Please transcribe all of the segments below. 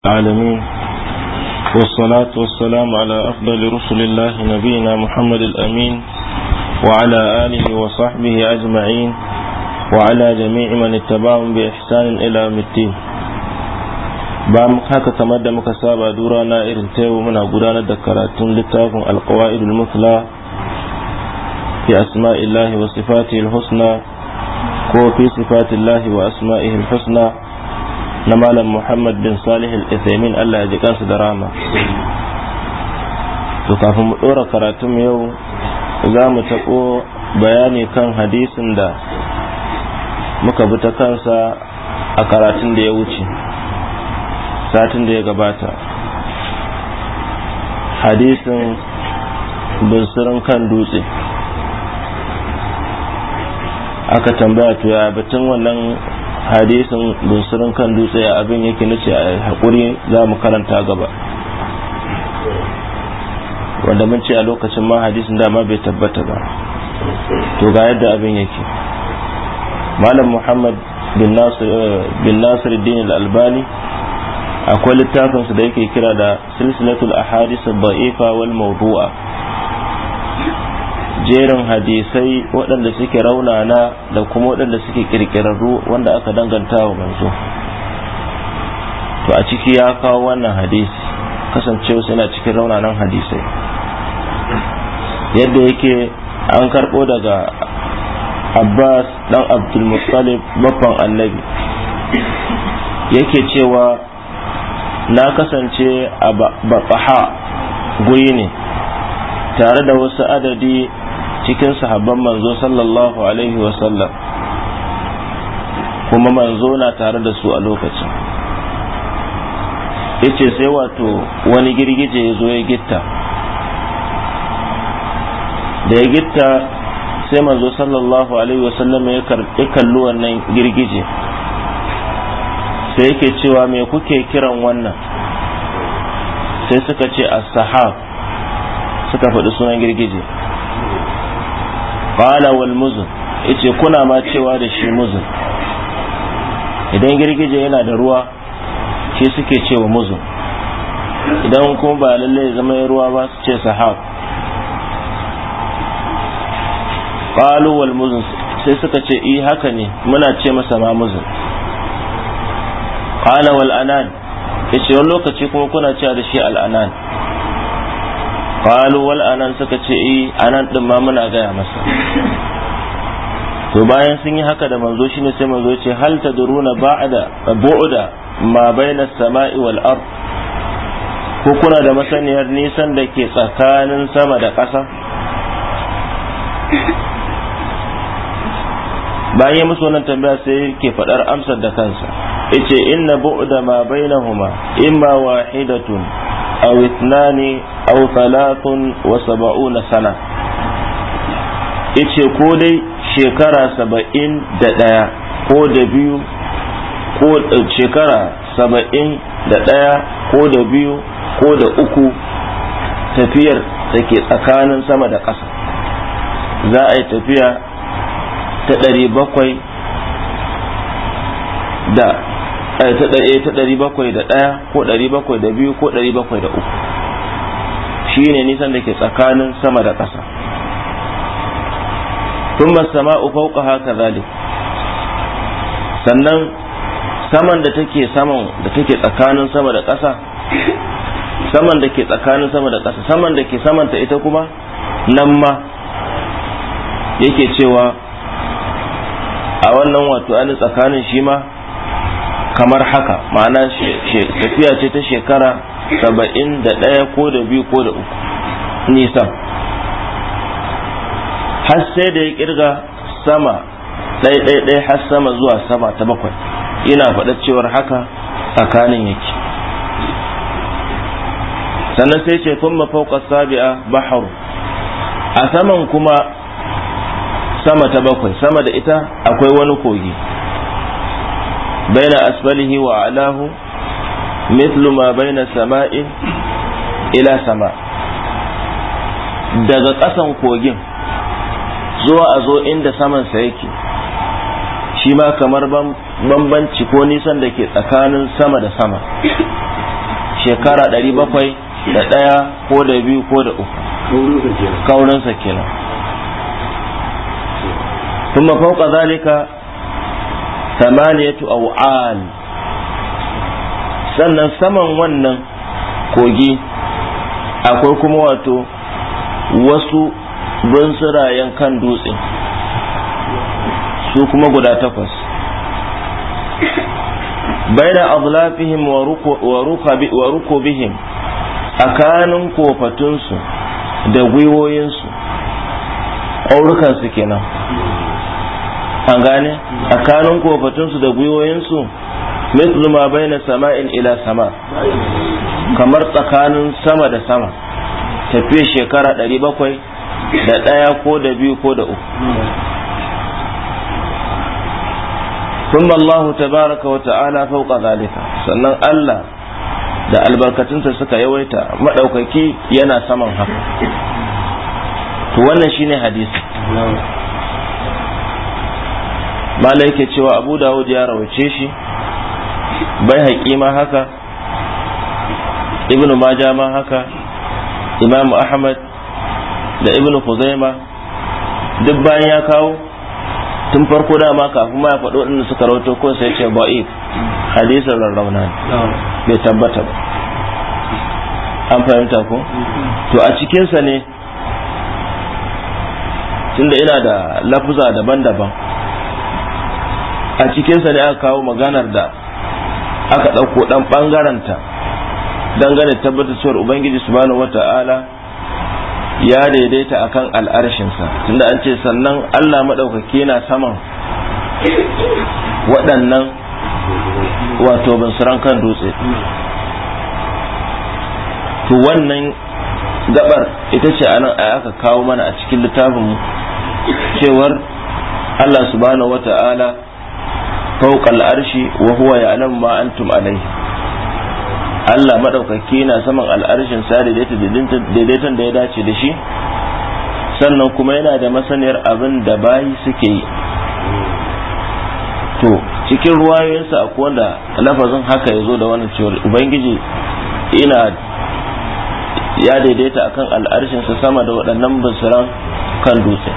العالمين والصلاة والسلام على أفضل رسل الله نبينا محمد الأمين وعلى آله وصحبه أجمعين وعلى جميع من اتبعهم بإحسان إلى الدين bayan haka kamar da muka saba dura na irin taiwo muna gudanar da karatun littafin alkawa'idul musla fi asma'illahi wa sifatihi husna ko fi sifatillahi wa asma'ihi husna na malam muhammad bin salih al ithaimin allah ya ji kansu da rama to kafin mu dora karatun yau za mu taɓo bayani kan hadisin da muka bi ta kansa a karatun da ya wuce satin da ya gabata hadisin bunsurin kan dutse aka tambaya to ya batun wannan hadisin bunsurin kan dutse abin yake nace a haƙuri za mu karanta gaba wanda mun ce a lokacin ma hadisin dama bai tabbata ba to ga yadda abin yake malam muhammad bin nasir eh, din al-albani akwai littafinsa da yake kira da silsilatul ahadith ad-da'ifa wal mawdu'a jerin hadisai waɗanda suke raunana da kuma waɗanda suke ƙirƙirarru wanda aka danganta wa manzo to a ciki ya kawo wannan hadisi kasancewa yana cikin raunanan hadisai yadda yake an karɓo daga abbas ɗan abdulmuttalib babban annabi yake cewa na kasance a baƙaha guri ne tare da wasu adadi cikin sahabban manzo sallallahu alaihi wasallam kuma manzo na tare da su a lokacin yace sai wato wani girgije ya zo ya gitta da ya gitta sai manzo sallallahu alaihi wasallam ya kalli wannan girgije sai yake cewa me kuke kiran wannan sai suka ce as-sahab suka faɗi sunan girgije qala wal muzun yace kuna ma cewa da shi muzun idan girgije yana da ruwa shi suke cewa muzun idan kuma ba lalle zama ya ruwa ba su ce sahab qalu wal muzun sai suka ce eh haka ne muna ce masa ma muzun qala wal anan yace wani lokaci kuma kuna cewa da shi al anan qalu wal anan suka ce eh anan din ma muna gaya masa to bayan sun yi haka da manzo shine sai manzo ce hal tadruna ba'da bu'da ma baina samai wal ard ko kuna da masaniyar nisan da ke tsakanin sama da ƙasa bayan musu wannan tambaya sai ke faɗar amsar da kansa yace inna bu'da ma bainahuma imma wahidatun aw ithnani aw thalathun wa sab'una sana yace ko dai shekara saba'in da ɗaya ko da biyu ko shekara saba'in da ko da biyu ko da uku tafiyar da ke tsakanin sama da ƙasa za a yi tafiya ta dari bakwai da ta ɗari bakwai da ɗaya ko dari bakwai da biyu ko dari bakwai da uku shine nisan da ke tsakanin sama da ƙasa thumma sama'u haka kadhalik sannan saman da take saman da take tsakanin sama da ƙasa saman da ke tsakanin sama da ƙasa saman da ke samanta ita kuma nan ma yake cewa a wannan wato ani tsakanin shi ma kamar haka ma'ana tafiya ce ta shekara saba'in da ɗaya ko da biyu ko da uku nisan har sai da ya kirga sama ɗaiɗaiɗai har sama zuwa sama ta bakwai ina faɗa cewar haka tsakanin yake sannan sai ce kuma fauka sabi'a baharu a saman kuma sama ta bakwai sama da ita akwai wani kogi baina asfalihi wa alahu mithlu ma baina sama'in ila sama daga ƙasan kogin zuwa a zo inda samansa yake shi ma kamar bambanci ko nisan da ke tsakanin sama da sama shekara ɗari bakwai da ɗaya ko da biyu ko da uku kaurinsa kenan kuma fauka zalika samaniyatu aw'al sannan saman wannan kogi akwai kuma wato wasu bunsurayen kan dutse su kuma guda takwas baina azlafihim wa a kanin kofatunsu da gwiwoyinsu aurukansu kenan an gane kanin kofatunsu da gwiwoyinsu mithlu ma baina sama'in ila sama kamar tsakanin sama da sama tafiya shekara ɗari bakwai da ɗaya ko da biyu ko da uku ثم الله تبارك وتعالى فوق zalika sannan Allah da albarkatunsa suka yawaita maɗaukaki yana saman haka to wannan shine hadisi malaike yake cewa abu dawud ya rawace shi bai haƙi ma haka ibnu maja ma haka imamu ahmad da ibnu kuzaima duk bayan ya kawo tun farko dama kafin ma ya faɗo ɗin suka rawato ko sai ce ba'i hadisin rarrauna bai tabbata ba an fahimta ko to a cikinsa ne tunda ina da lafuza daban-daban a cikinsa ne aka kawo maganar da aka ɗauko ɗan ɓangaranta dangane tabbatar cewar ubangiji subhanahu ta'ala ya daidaita akan al'arshinsa tunda an ce sannan allah maɗaukaki na saman waɗannan wato binsuran kan dutse to wannan gabar ita ce anan aka kawo mana a cikin littafin cewar allah subhanahu ta'ala fawqa al'arshi wa huwa ya'lamu ma antum Allah madaukaki na saman al'arshin sa daidaiton da ya dace da shi sannan kuma yana da masaniyar abin da bayi suke yi to cikin ruwayoyinsa akwai wanda lafazin haka ya zo da wannan cewar ubangiji ina ya daidaita akan al'arshinsa sama da waɗannan bunsuran kan dutse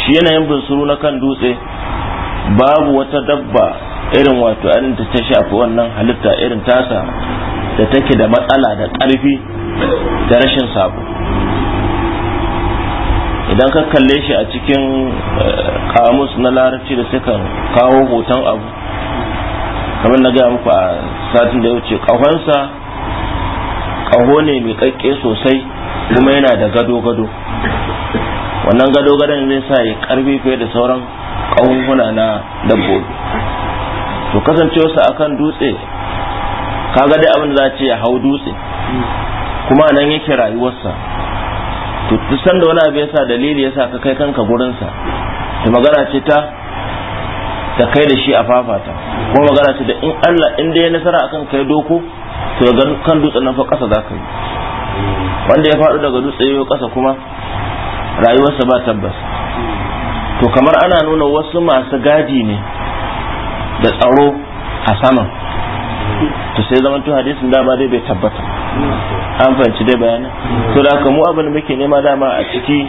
shi yanayin bunsuru na kan dutse babu wata dabba irin wato irin ta ta shafi wannan halitta irin tasa da take da matsala da ƙarfi da rashin sabo idan ka kalle shi a cikin eh, kamus na larabci da suka kawo hoton abu kamar na gaya muku a satin da ya wuce ƙahonsa ƙaho ne mai ƙaƙƙe sosai kuma yana da gado-gado wannan gado-gadon zai sa ya ƙarfi fiye da sauran ƙaunuhuna na dabbobi to kasancewarsa akan dutse kaga dai abin za ce ya hau dutse kuma nan yake rayuwarsa to duk da wani abu yasa dalili yasa ka kai kanka gurinsa to magana ce ta ta kai da shi a fafata kuma magana ce da in Allah in dai ya nasara akan kai doko to ga kan dutsen nan fa ƙasa za ka yi wanda ya faɗo daga dutse ya ƙasa kuma rayuwarsa ba tabbas to kamar ana nuna wasu masu gadi ne da tsaro a saman to sai zaman to hadisin dama dai bai tabbata an fahimci dai bayanin to da haka mu abin da muke nema dama a ciki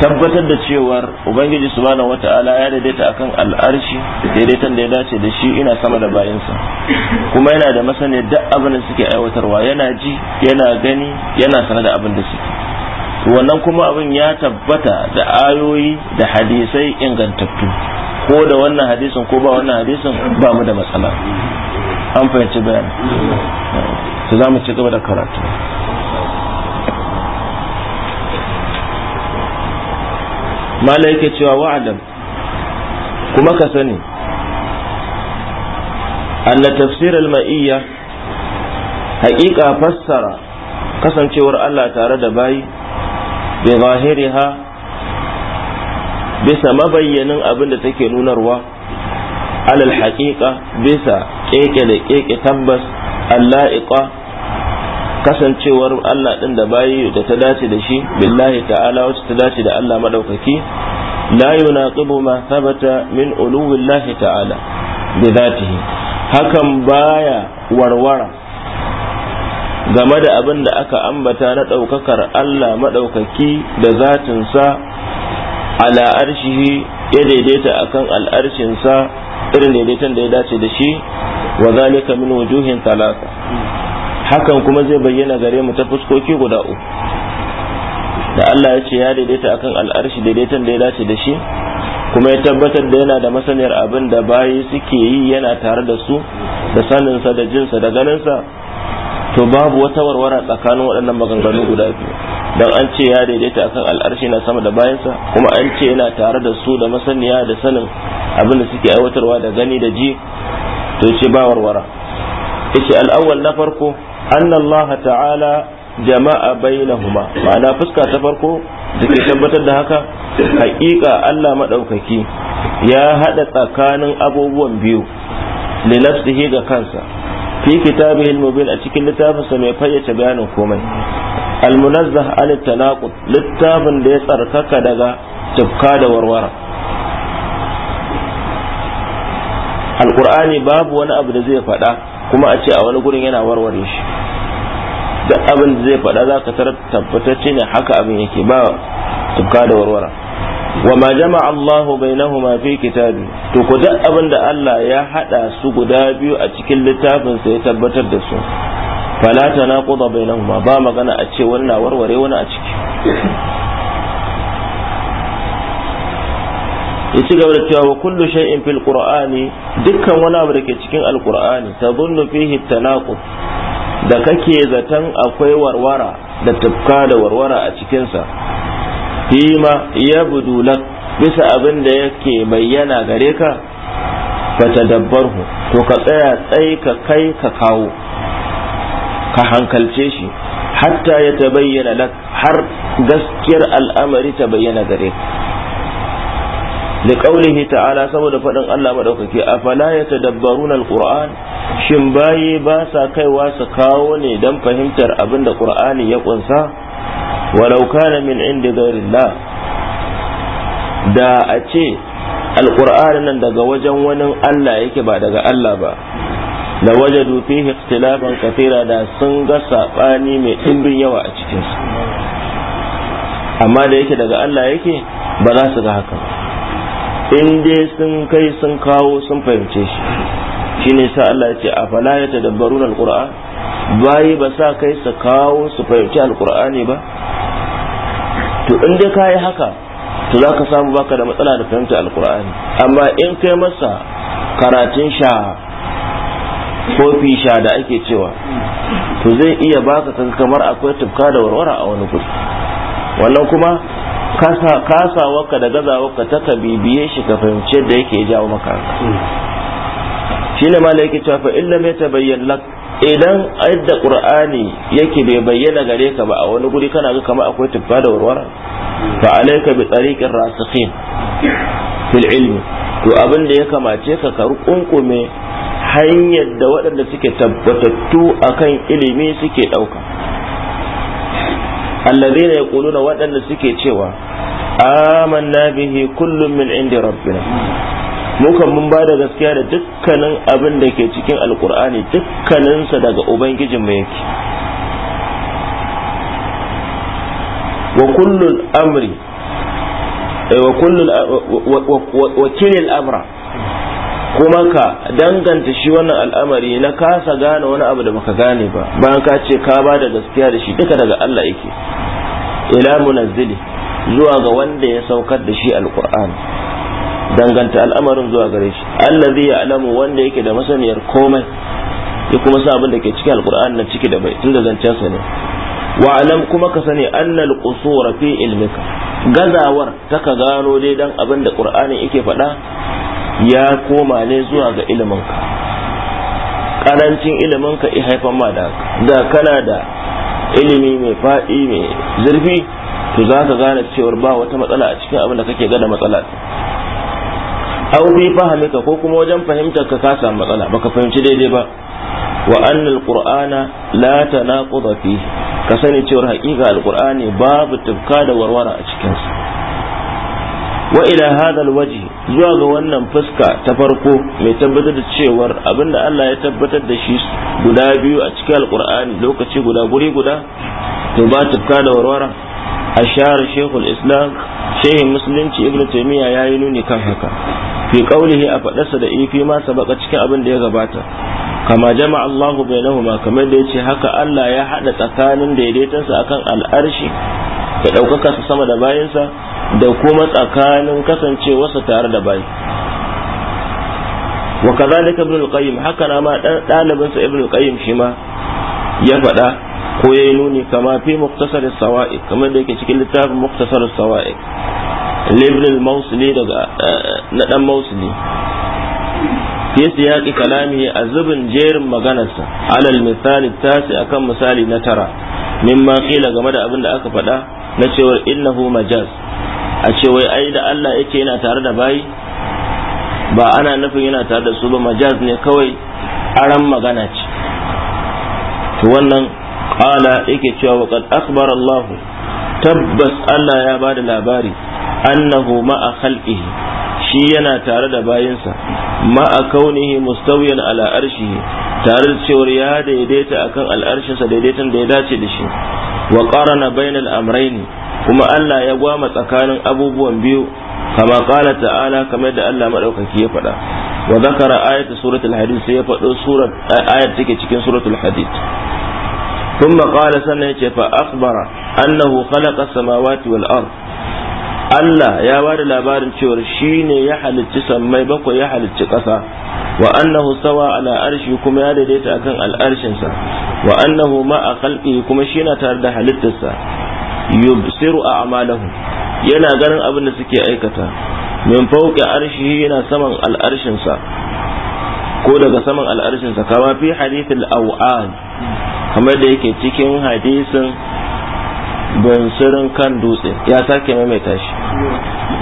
tabbatar da cewar ubangiji wata ala ya daidaita akan al'arshi daidaitan da ya dace da shi ina sama da bayinsa kuma yana da masaniyar duk abin da suke aiwatarwa yana ji yana gani yana sana da abin da suke wannan kuma abin ya tabbata da ayoyi da hadisai ingantattu ko da wannan hadisin ko ba wannan hadisin ba mu da matsala an fahimci bayani su za mu ci gaba da karatu mala yake cewa wa'adam kuma ka sani anna tafsir al-ma'iyya haƙiƙa fassara kasancewar Allah tare da bayi bi zahiriha bisa mabayyanin abin da take nunarwa alal haƙiƙa bisa keke da keke tabbas alla'iqa kasancewar Allah ɗin da bayi da ta dace da shi billahi ta'ala wacce ta dace da Allah Madaukaki? la yunaqibu ma thabata min uluwillahi ta'ala bi dhatihi hakan baya warwara game da abin da aka ambata na ɗaukakar Allah maɗaukaki da zatinsa ala arshihi ya daidaita akan al'arshinsa irin daidaiton da ya dace da shi wa zalika min wujuhin talata hakan kuma zai bayyana gare mu ta fuskoki guda uku da Allah ya ce ya daidaita akan al'arshi daidaiton da ya dace da shi kuma ya tabbatar da yana da masaniyar abin da bayi suke yi yana tare da su da saninsa da jinsa da ganinsa to babu wata warwara tsakanin waɗannan maganganu guda biyu dan an ce ya daidaita akan al'arshi na sama da bayansa kuma an ce yana tare da su da masaniya da sanin abin da suke aiwatarwa da gani da ji to ce ba warwara yace al'awwal na farko anna Allah ta'ala jama'a bainahuma ma'ana fuska ta farko da ke tabbatar da haka haƙiƙa Allah maɗaukaki ya haɗa tsakanin abubuwan biyu li nafsihi ga kansa fi kitabihi al-mubin a cikin littafinsa mai fayyace bayanin komai al-munazzah an tanaqud littafin da ya tsarkaka daga tufka da warwara alqur'ani babu wani abu da zai faɗa kuma a ce a wani gurin yana warware shi duk abin da zai faɗa zaka ka tarar ne haka abin yake ba tufka da warwara wa ma jama'a Allahu bainahuma fi kitabi to ku duk abinda Allah ya hada su guda biyu a cikin littafin sa ya tabbatar da su fala tanaquda bainahuma ba magana a ce wannan warware wani a ciki yace ci gaba da cewa kullu shay'in fil qur'ani dukkan wani abu da ke cikin alqur'ani tadhunnu fihi tanaqud da kake zaton akwai warwara da tafka da warwara a cikinsa fima budu lak bisa abin da yake bayyana gare ka fatadabbarhu to ka tsaya tsai ka kai ka kawo ka hankalce shi hatta ya tabayyana lak har gaskiyar al'amari ta bayyana gare ka liƙaunihi ta'ala saboda faɗin Allah maɗaukaki a fala ya tadabbaruna alƙur'an shin baye ba sa kaiwa su kawo ne don fahimtar abin da ƙur'ani ya ƙunsa walau kana min inda ghairillah da a ce alqur'anin nan daga wajen wani Allah yake ba daga Allah ba Da wajadu fihi ikhtilafan kathira da sun ga sabani mai dimbin yawa a cikin su amma da yake daga Allah yake ba za su ga haka in sun kai sun kawo sun fahimce shi shi ne sa Allah ya ce a fala ya yatadabbaruna alquran bayi ba sa kai su kawo su fahimci alkur'ani ba to in dai ka yi haka to za ka samu baka da matsala da fahimta alkur'ani amma in kai masa karatun sha kofi sha da ake cewa to zai iya baka kamar akwai tufka da warwara a wani kudu wannan kuma kasawarka da gazawarka ta ka bibiye shi ka fahimci yadda yake jawo maka shine malai yake cewa illa mai tabayyan lak idan ayat qur'ani yake bai bayyana gare ka ba a wani guri kana ga kamar akwai tuffa da warwara fa alayka bi tariqir rasikhin fil ilmi to abin da ya kamace ka ka kunkume hanyar da waɗanda suke tabbatattu akan ilimi suke ɗauka allazina yaquluna waɗanda suke cewa amanna bihi kullum min indi rabbina mu kan mun ba da gaskiya da dukkanin abin da ke cikin alkur'ani dukkaninsa daga ubangijin mu yake wa kullul amri eh, wa wa amra kuma ka danganta shi wannan al'amari na kasa gane wani abu da baka gane ba bayan ka ce ka ba da gaskiya da shi duka daga Allah yake ila munazzili zuwa ga wanda ya saukar da shi alkur'ani danganta al'amarin zuwa gare shi allazi ya'lamu wanda yake da masaniyar komai ya kuma sa abin da ke cikin alqur'ani na ciki da bai tunda zancen sa ne wa alam kuma ka sani annal qusura fi ilmika gazawar ta ka gano dai dan abin da qur'ani yake faɗa ya koma ne zuwa ga iliminka karancin iliminka i haifan ma da da kana da ilimi mai faɗi mai zurfi to za ka gane cewar ba wata matsala a cikin abin da kake gada matsala aw fi fahimika ko kuma wajen fahimtar ka ka samu matsala baka fahimci daidai ba wa anna alqur'ana la tanaquda fi ka sani cewa haƙiƙa alqur'ani babu tufka da warwara a cikin sa wa ila zuwa ga wannan fuska ta farko mai tabbatar da cewar abinda Allah ya tabbatar da shi guda biyu a cikin alqur'ani lokaci guda guri guda to ba tufka da warwara ashar shaykhul islam shehin musulunci ibnu taymiya yayi nuni kan haka fi qawlihi a faɗarsa da ifi ma sabaka cikin abin da ya gabata kama jama'a Allahu bainahuma kamar da yace haka Allah ya hada tsakanin sa akan al'arshi da daukaka sa sama da bayansa da kuma tsakanin kasancewarsa tare da bayi wa kadhalika ibn al-qayyim haka na ma dalibin sa ibn al-qayyim shi ma ya faɗa ko yayi nuni kama fi muktasar as sawai kamar da yake cikin littafin muktasar as sawai libnil mausuli daga eh, na dan mausuli ya siyaqi kalamihi a zubin jerin maganarsa alal misali tasi akan misali na tara mimma kila game da abin da aka faɗa na cewar innahu majaz a ce wai ai da Allah yake yana tare da bayi ba ana nufin yana tare da su ba majaz ne kawai aran magana ce to wannan qala yake cewa waqad akhbara Allah tabbas Allah ya bada labari annahu ma'a khalqihi shi yana tare da bayinsa ma'a kaunihi mustawiyan ala arshihi tare da cewar ya daidaita akan al'arshinsa daidaitan da ya dace da shi wa qarana bainal ne kuma Allah ya gwama tsakanin abubuwan biyu kama qala ta'ala kamar da Allah madaukaki ya faɗa wa zakara ayatu suratul hadid sai ya faɗo surat ayat take cikin suratul hadid ثم قال سنة فأخبر أنه خلق السماوات والأرض Allah ya ba da labarin cewa shi ne ya halicci sammai bakwai ya halicci ƙasa wa annahu sawa ala arshi kuma ya daidaita akan al'arshinsa wa annahu ma a kalbi kuma shi na tare da halittarsa yubsiru a'malahu yana ganin abin da suke aikata min fawqi arshi yana saman al'arshinsa ko daga saman al'arshinsa kama fi hadithil aw'an kamar da yake cikin hadisin bansirin kan dutse ya sake maimaita shi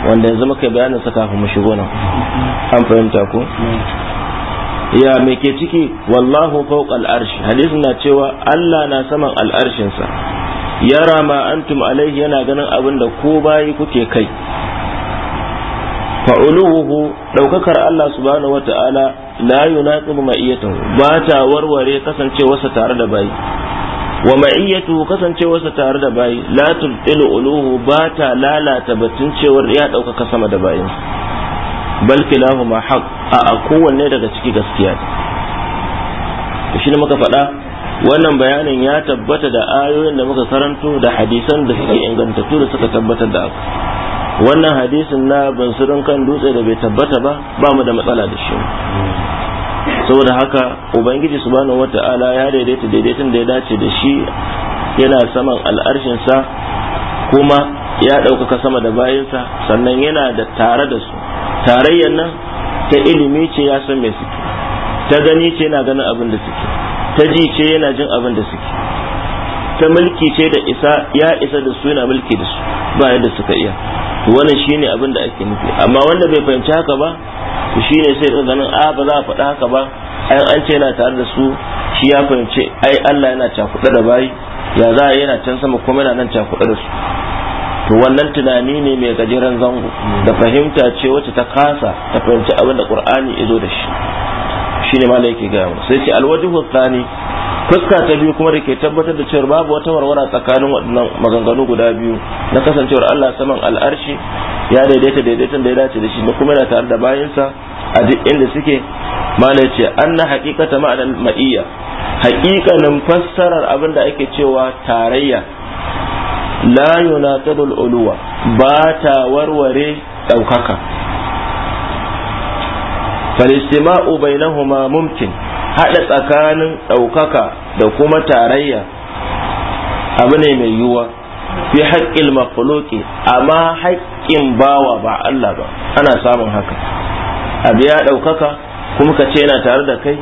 wanda yanzu muka bayanin sa kafin mu shigo nan an fahimta ku ya me ke ciki wallahu fawqa al-arsh na cewa Allah na saman al-arshin sa yara ma antum alaihi yana ganin abin da ko bayi kuke kai fa'uluhu ɗaukakar Allah subhanahu wata'ala la yunaqibu ma'iyatahu ba ta warware kasancewarsa tare da bayi wa ma'iyyatu kasancewarsa tare da bayi la tulqilu uluhu ba ta lalata batun cewar ya ɗaukaka sama da bayin bal ma haq a kowanne daga ciki gaskiya ne shi ne muka faɗa wannan bayanin ya tabbata da ayoyin da muka karanto da hadisan da suke ingantattu da suka tabbatar da abu wannan hadisin na bansurin kan dutse da bai tabbata ba ba mu da matsala da shi saboda haka ubangiji subhanahu wata'ala ya daidaita daidaitun da ya dace da shi yana saman al'arshinsa kuma ya ɗaukaka sama da bayansa sannan yana da tare da su tarayyar nan ta ilimi ce ya san me suke ta gani ce yana ganin abin da suke ta ji ce yana jin abin da suke ta mulki ce da isa ya isa da su yana mulki da su ba yadda suka iya to wannan shine abin da ake nufi amma wanda bai fahimci haka ba to shine sai ganin a ah, ba za a faɗa haka ba ai an ce yana tare da su shi ya fahimci ai Allah yana cakuɗa da bayi ya za a yana can sama kuma yana nan cakuɗa da su to wannan tunani ne mai gajeren zango da fahimta ce wacce ta kasa ta fahimci abin da Qur'ani ya zo da shi shine malai yake gaya mu sai ce alwajhu thani fuska ta biyu kuma da ke tabbatar da cewa babu wata warwara tsakanin waɗannan maganganu guda biyu na kasancewar Allah saman al'arshi ya daidaita daidaitan da ya dace da shi da kuma yana tare da bayansa a duk inda suke mala ce an anna ta ma'ana ma'iyya hakikanin fassarar abin da ake cewa tarayya la yunaqidul uluwa ba ta warware ɗaukaka fal istima'u bainahuma mumkin haɗa tsakanin ɗaukaka da kuma tarayya abu ne mai yiwuwa fi haƙƙin makhluki amma haƙƙin bawa ba Allah ba ana samun haka abu ya ɗaukaka kuma ka ce yana tare da kai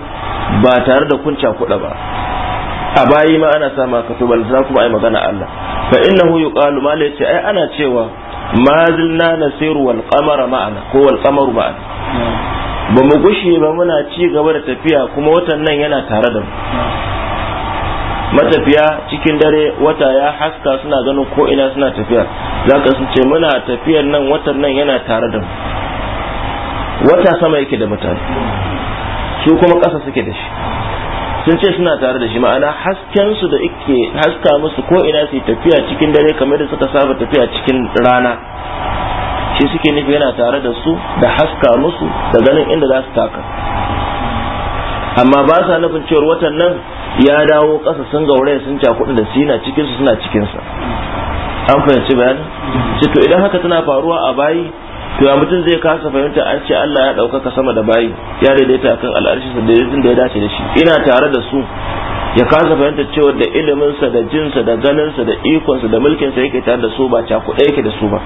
ba tare da kunca kuɗa ba a bayi ma ana samun haka to balantana kuma ai magana Allah fa huyu yuqalu ma la ai ana cewa ma zilna nasiru wal qamara ma'ana ko wal qamaru ma'ana ba mu gushe ba muna ci gaba da tafiya kuma watan nan yana tare da mu matafiya cikin dare wata ya haska suna ganin ko ina suna tafiya za ka sun ce muna tafiyar nan watan nan yana tare da mu wata sama yake da mutane su kuma ƙasa suke da shi sun ce suna tare da shi ma'ana hasken su da ike haska musu ko ina su tafiya cikin dare kamar da suka saba tafiya cikin rana shi suke nufi yana tare da su da haska musu da ganin inda za su taka amma ba sa nufin cewar watan nan ya dawo kasa sun gauraya sun cakuɗa da sina cikin su suna cikinsa an fahimci bayanin shi to idan haka tana faruwa a bayi to ya mutum zai kasa fahimta an ce Allah ya ɗaukaka sama da bayi ya daidaita akan al'arshinsa daidaitun da ya dace da shi ina tare da su ya kasa fahimta cewa da iliminsa da jinsa da ganinsa da ikonsa da mulkinsa yake tare da su ba cakuɗe yake da su ba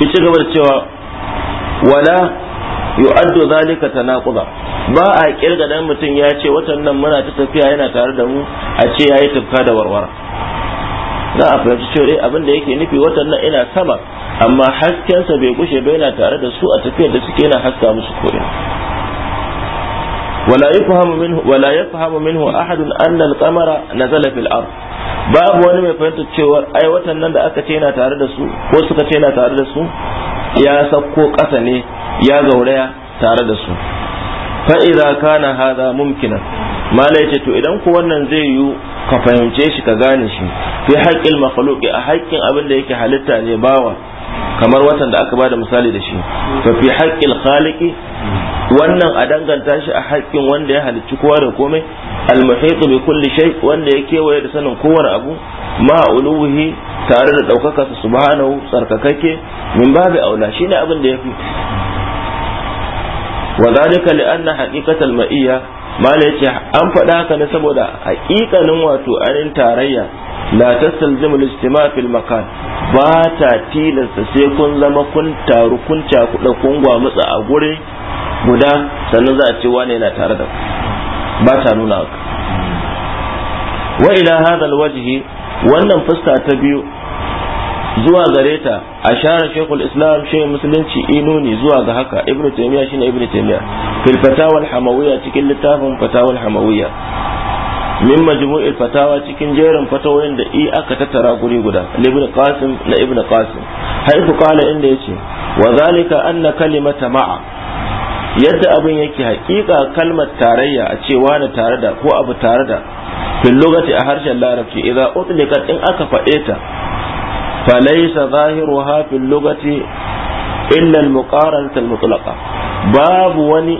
ya ci gaba da cewa wala yu'addu zalika tanaquda ba a kirga dan mutum ya ce watan nan muna ta tafiya yana tare da mu a ce yayi tafka da warwara za a fahimci cewa eh, abin da yake nufi watan nan ina sama amma haskensa bai gushe ba yana tare da su a tafiyar da suke yana haska musu kuɗi. ولا يفهم منه ولا يفهم منه أحد أن القمر نزل في الأرض babu wani mai fahimtar cewa ai watan nan da aka ce yana tare da su ko suka ce yana tare da su ya sakko ƙasa ne ya gauraya tare da su fa idza kana hadha mumkina malai ce to idan ku wannan zai yiwu ka fahimce shi ka gane shi fi haƙƙin makhluqi a haƙƙin abin da yake halitta ne bawa kamar watan da aka bada misali da shi fa fi haqqil khaliqi wannan a danganta shi a haƙƙin wanda ya halicci kowa da komai almuhitu bi kulli shay wanda ya kewaye da sanin kowar abu ma uluhi tare da daukaka sa subhanahu sarkakake min babu aula shine abin da yafi wa zalika li anna haqiqatal ma'iyya mala yace an faɗa haka ne saboda haƙiƙanin wato anin tarayya la tastalzimu al-ijtima' fil makan ba ta tilasta sai kun zama kun taru kun da kun matsa a guri guda sannan za a ce wane yana tare da ku ba ta nuna haka wa ila hadha al-wajhi wannan fuska ta biyu zuwa gareta ta ashara shaykhul islam shaykh musulunci inuni zuwa ga haka ibnu taymiya shine ibnu taymiya fil fatawa al-hamawiyya cikin littafin fatawa al-hamawiyya min majmu'il fatawa cikin jerin fatawoyin da i aka tattara guri guda ibn qasim na ibn qasim haifu qala inda yace wa zalika anna kalimata ma'a yadda abin yake hakika kalmar tarayya a cewa da tare da ko abu tare da fil lugati a harshen larabci idza utliqat in aka faɗe ta falaysa zahiruha fil lugati illa al muqaranat al mutlaqa babu wani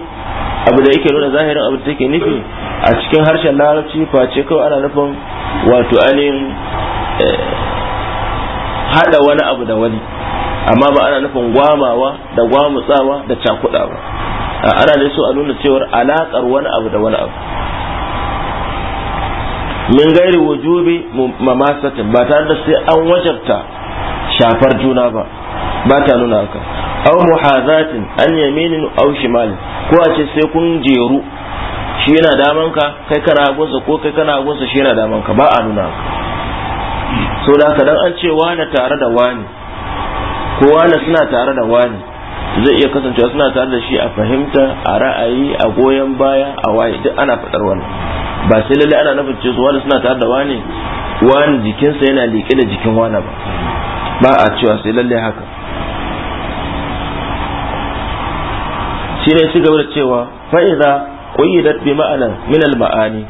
abu da yake nuna zahirin abu da take nufi a cikin harshen larabci face kawai ana nufin wato ainihin eh, hada wani abu da wani amma ba ana nufin gwamawa da gwamutsawa da ba ana da so a nuna cewar alakar wani abu da wani abu min gairi wujubi mamasatin ba tare da sai an wajabta shafar juna ba ba ta nuna haka au muhazatin an yaminin au shimali ko a ce sai kun jeru shi yana daman ka kai kana gunsa ko kai kana gunsa shi yana daman ka ba a nuna ka so da haka dan an ce wani tare da wani ko wani suna tare da wani zai iya kasancewa suna tare da shi a fahimta a ra'ayi a goyon baya a waye duk ana faɗar wannan ba sai lalle ana nufin ce su wani suna tare da wani wani jikinsa yana liƙe da jikin wani ba ba a cewa sai lalle haka shi ne shi gaba da cewa fa'iza قيدت بمعنى من المعاني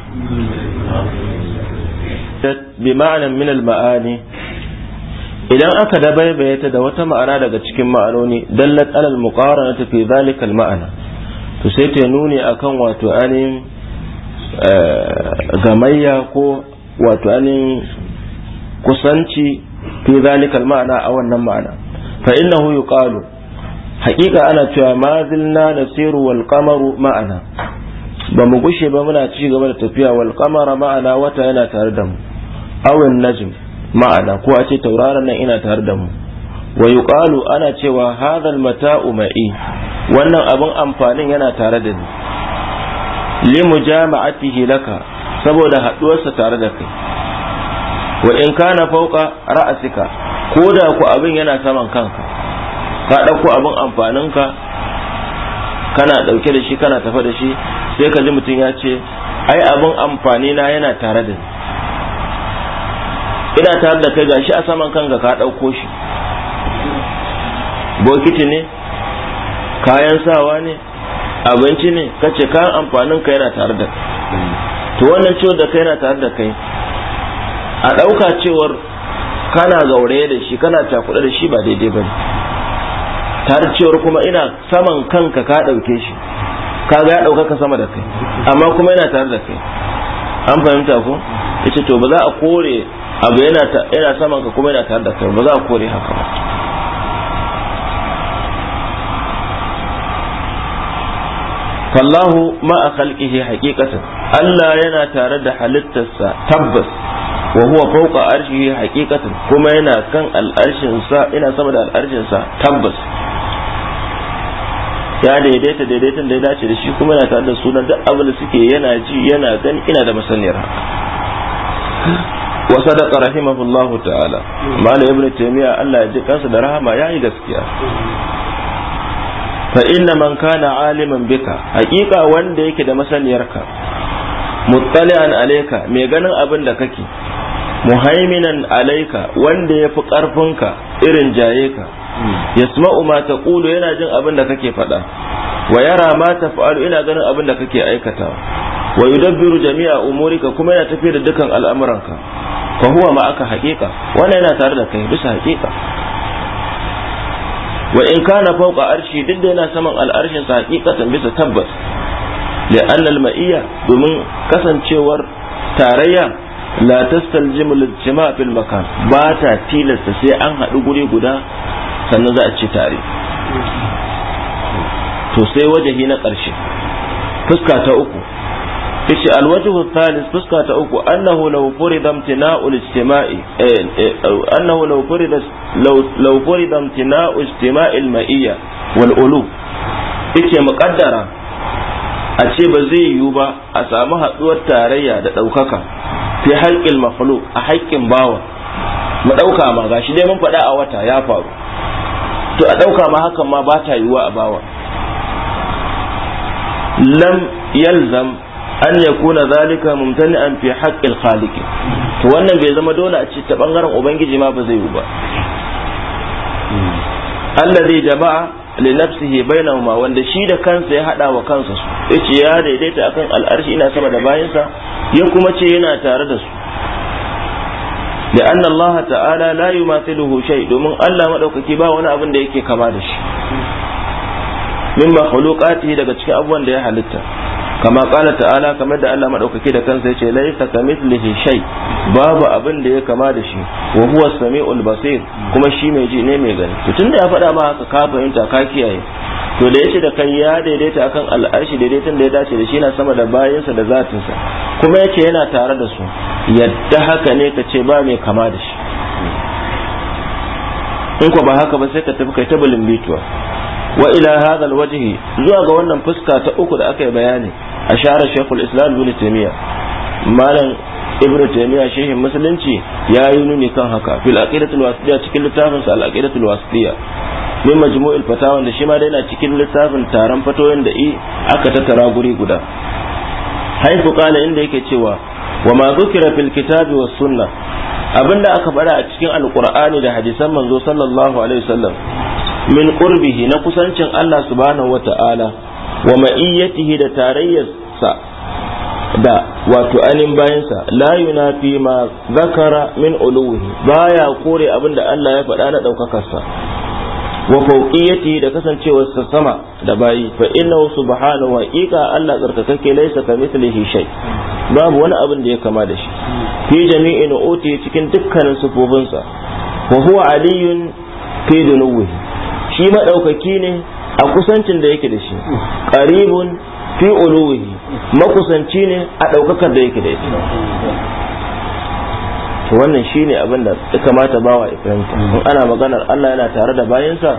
بمعنى من المعاني idan aka dabaibaye ta da wata ma'ana daga cikin ma'anoni dallat alal muqaranati fi zalika al ma'ana to sai ta nuni akan wato anin gamayya ko wato anin kusanci fi zalika al ma'ana a wannan ma'ana fa innahu yuqalu haqiqa ana cewa ma zilna nasiru wal qamaru ma'ana ba mu gushe ba muna ci gaba da tafiya wal qamara ma'ana wata yana tare da mu awin najm ma'ana ko a ce tauraron nan ina tare da mu wa yuqalu ana cewa hadhal mata'u ma'i wannan abin amfanin yana tare da ni li mujama'atihi laka saboda haduwarsa tare da kai wa in kana fawqa ra'asika ko da ku abin yana saman kanka ka dauko abin amfaninka kana dauke da shi kana tafa da shi sai ka ji mutum ya ce ai abin amfani na yana tare da ni ina tare da kai gashi a saman kanka ka ɗauko shi bokiti ne kayan sawa ne abinci ne ka ce kayan amfanin ka yana tare da to wannan ciwon da kai yana tare da kai a ɗauka cewar kana gauraye da shi kana cakuɗe da shi ba daidai ba ne tare cewar kuma ina saman kanka ka ɗauke shi kaga ya ɗaukaka sama da kai amma kuma yana tare da kai an fahimta ko yace to ba za a kore abu yana yana saman ka kuma yana tare da kai ba za a kore haka ba fallahu a khalqihi haqiqatan Allah yana tare da halittarsa tabbas wa huwa fawqa arshihi haqiqatan kuma yana kan al'arshin sa yana sama da al'arshin sa tabbas ya daidaita daidaitan da ya dace da shi kuma yana tare da sunan duk abin da suke yana ji yana gani ina da masaniyar wa sadaqa rahimahullahu ta'ala mala ibnu taymiya Allah ya ji kansa da rahama yayi gaskiya fa inna man kana aliman bika haqiqa wanda yake da masaniyarka muttali'an alayka mai ganin abin da kake muhaiminan alayka wanda yafi karfinka irin jaye ka yasma'u ma taqulu yana jin abin da kake faɗa wa yara ma taf'alu ina ganin abin da kake aikata wa yudabbiru jami'a umurika kuma yana tafiyar da dukkan al'amuranka fa huwa ma aka haƙiƙa wannan yana tare da kai bisa haƙiƙa wa in kana fawqa arshi duk da yana saman al'arshin sa haƙiƙatan bisa tabbas li'anna al-ma'iyya domin kasancewar tarayya la tastaljimu lijma fil makan ba ta tilasta sai an haɗu guri guda sannan za a ci tare to sai wajahi na ƙarshe fuska ta uku ishi alwajhu thalis fuska ta uku annahu law furida imtina'u al-ijtima'i annahu law furida law furida imtina'u ijtima'i al-ma'iyya wal ulu kike muqaddara a ce ba zai yiwu ba a samu haɗuwar tarayya da ɗaukaka fi haƙƙin makhluq a haƙƙin bawa mu ɗauka ma gashi dai mun faɗa a wata ya faru to a ɗauka ma hakan ma ba ta yiwuwa a bawa lam yalzam an ya kuna zalika an fi haƙƙin khaliki to wannan bai zama dole a ce ta bangaren ubangiji ma ba zai yiwu ba zai jama'a li nafsihi bainahuma wanda shi da kansa ya hada wa kansa su yace ya daidaita akan al'arshi ina sama da bayansa ya kuma ce yana tare da su da anna Allah ta'ala la yumathiluhu shay domin Allah maɗaukaki ba wani abin da yake kama da shi min makhluqatihi daga cikin abubuwan da ya halitta kama kala ta'ala kamar da Allah maɗaukaki da kansa yace laysa kamithlihi shay babu abin da ya kama da shi wa huwa samiul basir kuma shi mai ji ne mai gani to tunda ya faɗa ma haka ka fahimta ka kiyaye to da yace da kai ya daidaita akan al'arshi daidaitan da ya dace da shi yana sama da bayansa da zatinsa kuma yake yana tare da su yadda haka ne ka ce ba mai kama da shi in ko ba haka ba sai ka tafi kai ta bituwa wa ila hadha alwajhi zuwa ga wannan fuska ta uku da aka yi bayani a ashara shaykhul islam ibn taymiya malam ibn taymiya shehin musulunci ya yi nuni kan haka fil aqidatul wasitiya cikin littafin sa al aqidatul wasitiya min majmu'il fatawa da shi ma dai na cikin littafin taron fatoyin da i aka tattara guri guda haifu kana inda yake cewa wa ma dhukira fil kitabi was sunnah abinda aka fara a cikin alqur'ani da hadisan manzo sallallahu alaihi wasallam min qurbihi na kusancin Allah subhanahu wata'ala wa ma'iyyatihi da tarayyarsa da wato anin bayansa la yunafi ma zakara min uluhi baya kore abinda Allah ya faɗa na ɗaukakarsa wa fawqiyati da kasancewar sa sama da bayi fa innahu subhanahu wa ika Allah kake laisa ka mithlihi shay babu wani abin da ya kama da shi fi jami'i nu'uti cikin dukkanin sufofin sa wa huwa aliyun fi dunuwihi shi maɗaukaki ne a kusancin da yake da shi qaribun fi uluwihi makusanci ne a daukakar da yake da shi. to wannan shine abin da ya kamata bawa ya in ana maganar Allah yana tare da bayansa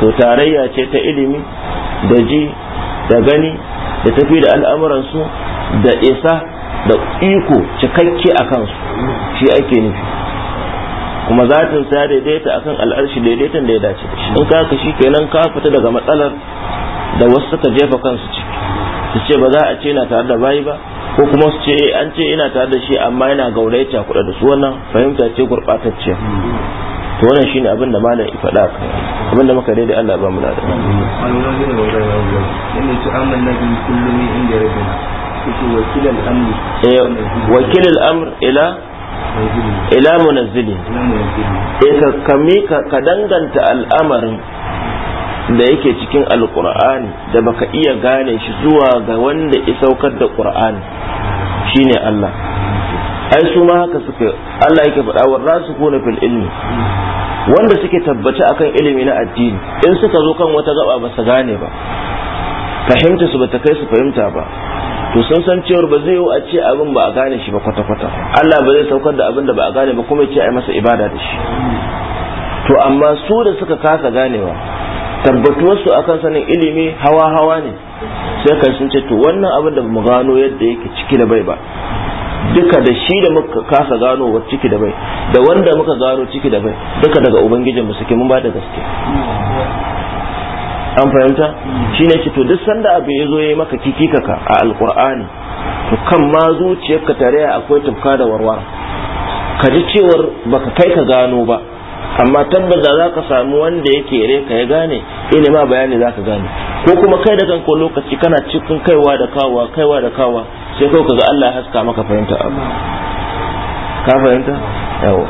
to tarayya ce ta ilimi da ji da gani da tafi da al'amuransu da isa da iko cikakke a kansu shi ake nufi kuma zatin sa ya daidaita akan al'arshi daidaitan da ya dace da shi in ka ka kenan ka fita daga matsalar da wasu suka jefa kansu ciki su ce ba za a ce na tare da bayi ba ko kuma su ce eh, an ce ina tare da shi amma yana ta kuɗa da su wannan fahimta ce gurɓatacciya to wannan shine abin da malam ya faɗa ka abin da muka daidai Allah ba mu da eh, wakil al'amr ila ila munazzili eh ka kame ka danganta al'amarin da yake cikin alkur'ani da baka iya gane shi zuwa ga wanda ya saukar da qur'ani shine Allah ai su ma haka suka Allah yake faɗa wa rasikuna fil ilmi wanda suke tabbaci akan ilimi na addini in suka zo kan wata gaba ba su gane ba fahimta su bata kai su fahimta ba to sun san cewar ba zai yi a ce abin ba a gane shi ba kwata-kwata Allah ba zai saukar da abin da ba a gane ba kuma ya ce a yi masa ibada da shi to amma su da suka kasa ganewa tabbatuwarsu akan sanin ilimi hawa hawa ne sai kai sun ce to wannan abin da mu gano yadda yake ciki da bai ba duka da shi da muka kasa gano wa ciki da bai da wanda muka gano ciki da bai duka daga ubangijin mu suke mun ba da gaske an fahimta shine ce to duk sanda abu ya zo ya maka kaka a alkur'ani to kan ma zuciyarka tare akwai tufka da warwara kaji ji cewar baka kai ka gano ba amma tabbata za ka samu wanda yake re ka ya gane ina ma bayani za ka gane ko kuma kai da kanko lokaci kana cikin kaiwa da kawa kaiwa da kawa sai kai ka ga Allah ya haska maka fahimta abu ka fahimta yawo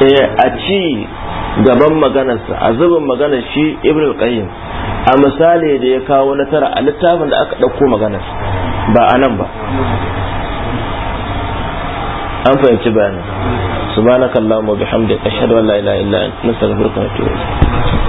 eh, a ci gaban maganarsa a zubin maganar shi ibn qayyim a misali da ya kawo na tara a littafin da aka ɗauko maganar ba a nan ba an fahimci bayanin subhanakallahumma bihamdika ashhadu an la ilaha illa anta astaghfiruka wa atubu ilayk